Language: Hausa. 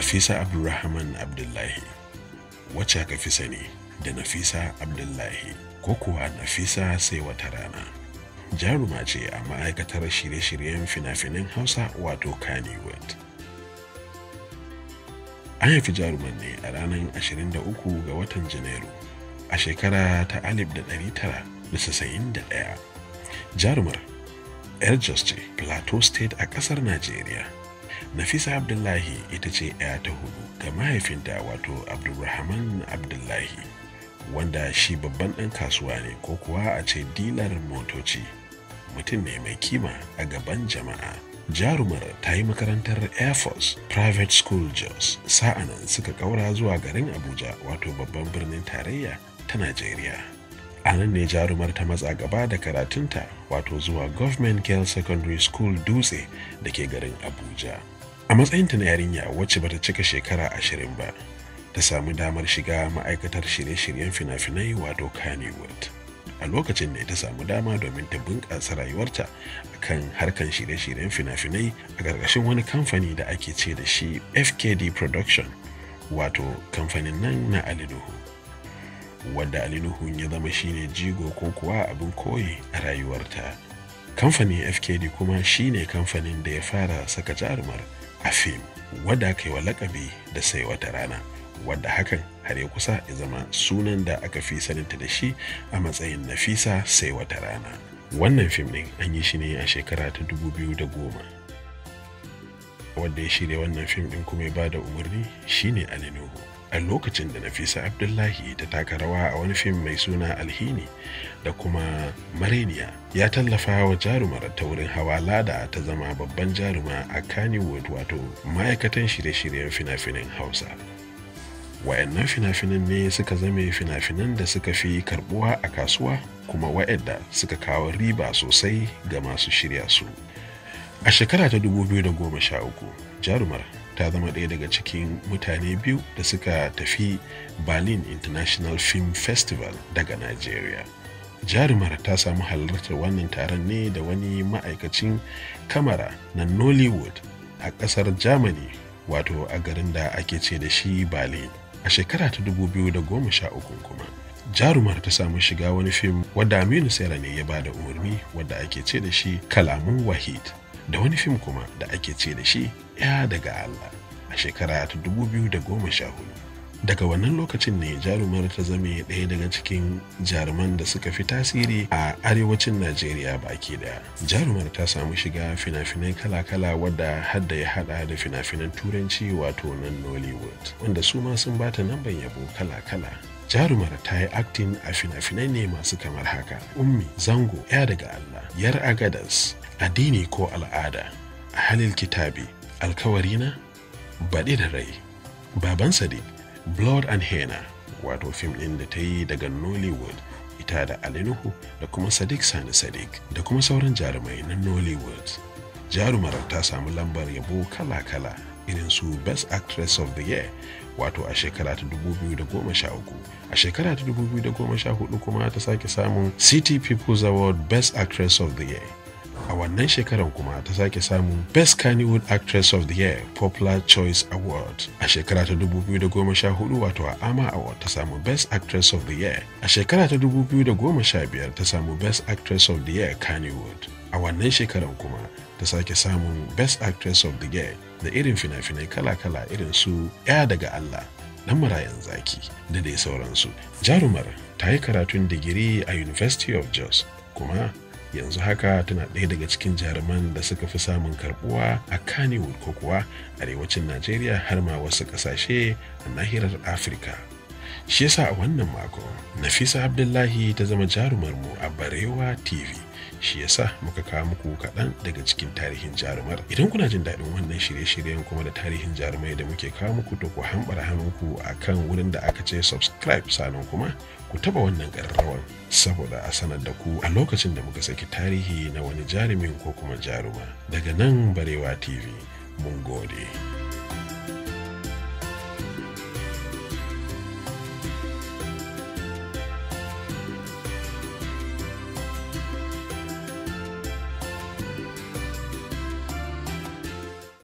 Nafisa Abdulrahman Abdullahi wacce aka fi sani da Nafisa Abdullahi ko kuwa Nafisa sai wata rana. Jaruma ce a ma'aikatar shirye-shiryen fina-finan Hausa wato Kannywood. An haifi jaruman ne a ranar 23 ga watan Janairu a shekara ta 1991. Jarumar Air Jos ce Plateau State a ƙasar Najeriya. nafisa abdullahi ita ce 'ya ta hudu ga mahaifinta wato abdulrahman abdullahi wanda shi babban ɗan kasuwa ne ko kuwa a ce dilar motoci mutum ne mai kima a gaban jama'a jarumar ta yi makarantar air force private school jos sa'anan suka ƙaura zuwa garin abuja wato babban birnin tarayya ta najeriya a nan ne jarumar ta matsa gaba da karatunta wato zuwa government girls secondary school dutse da ke garin abuja a matsayinta na yarinya wacce bata cika shekara ashirin ba ta samu damar shiga ma'aikatar shirye-shiryen fina-finai wato kanewood a lokacin ne ta samu dama domin ta bunƙasa rayuwarta a kan harkar shirye-shiryen fina-finai a ƙarƙashin wani kamfani da ake ce da shi fkd production wato kamfanin nan na alinuhu wadda alinuhun ya zama shine jigo ko kuwa abin koyi a rayuwarta kamfanin fkd kuma shine kamfanin da ya fara saka jarumar a fim wadda aka yi wa lakabi da sai wata rana wadda hakan har ya kusa ya zama sunan da aka fi saninta da shi a matsayin nafisa sai wata rana wannan fim ɗin an yi shi ne a shekara ta 2010 wadda ya shirya wannan fim ɗin kuma ya ba da umarni shine alinuhu a lokacin da nafisa abdullahi ta taka rawa a wani fim mai suna alhini da kuma mareniya ya tallafa wa jarumar ta wurin hawa lada ta zama babban jaruma a kaniwood wato ma'aikatan shirye-shiryen fina-finan hausa wayannan fina-finan ne suka zame fina-finan da suka fi karbuwa a kasuwa kuma wa'yanda suka kawo riba sosai ga masu shirya su a shekara ta 2013 jarumar ta zama ɗaya daga cikin mutane biyu da suka tafi berlin international film festival daga nigeria jarumar ta samu halartar wannan taron ne da wani ma'aikacin kamara na nollywood a ƙasar germany wato a garin da ake ce da shi berlin a shekara ta 2013 kuma jarumar ta samu shiga wani fim wadda aminu sera ne ya bada umarni wadda ake ce da shi kalamun wahid da wani fim kuma da ake ce da shi ya daga Allah a shekara ta 2014 daga wannan lokacin ne jarumar ta zame ɗaya daga cikin jaruman da suka fi tasiri a arewacin najeriya baki ɗaya? jarumar ta samu shiga fina-finai kala-kala wadda hadda ya hada da fina-finan turanci wato nan nollywood wanda su ma sun bata namban yabo kala-kala jarumar ta yi acting a fina-finai ne masu kamar haka ummi zango ya daga allah yar agadas addini ko al'ada a halin kitabi na? baɗi da rai baban sadiq blood and Hena wato fim ɗin da ta yi daga nollywood ita da alinuhu da kuma sadiq sani sadiq da kuma sauran jarumai na nollywood jarumar ta samu lambar yabo kala-kala irin su best actress of the year wato a shekara ta 2013 a shekara ta 2014 kuma ta sake samun city people's award best actress of the year a wannan shekarar kuma ta sake samun best Kannywood actress of the year popular choice award a shekara ta 2014 wato a ama award ta samu best actress of the year a shekara ta 2015 ta samu best actress of the year Kannywood a wannan shekarar kuma ta sake samun best actress of the year da irin fina-finai kala-kala irin su 'ya daga Allah dan marayan zaki da dai sauransu jarumar ta yi karatun digiri a university of jos kuma yanzu haka tana ɗaya daga cikin jaruman da suka fi samun karbuwa a kanewood ko kuwa arewacin najeriya har ma wasu ƙasashe a nahirar afirka shi yasa a wannan mako nafisa abdullahi ta zama jarumar mu a barewa tv shi yasa muka kawo muku kaɗan daga cikin tarihin jarumar idan kuna jin daɗin wannan shirye-shiryen kuma da tarihin jarumai da muke kawo muku to ku hambara hannunku a kan wurin da aka ce subscribe sannan kuma ku taba wannan ƙararrawan saboda a sanar da ku a lokacin da muka saki tarihi na wani jarumin ko kuma jaruma daga nan barewa tv mun gode.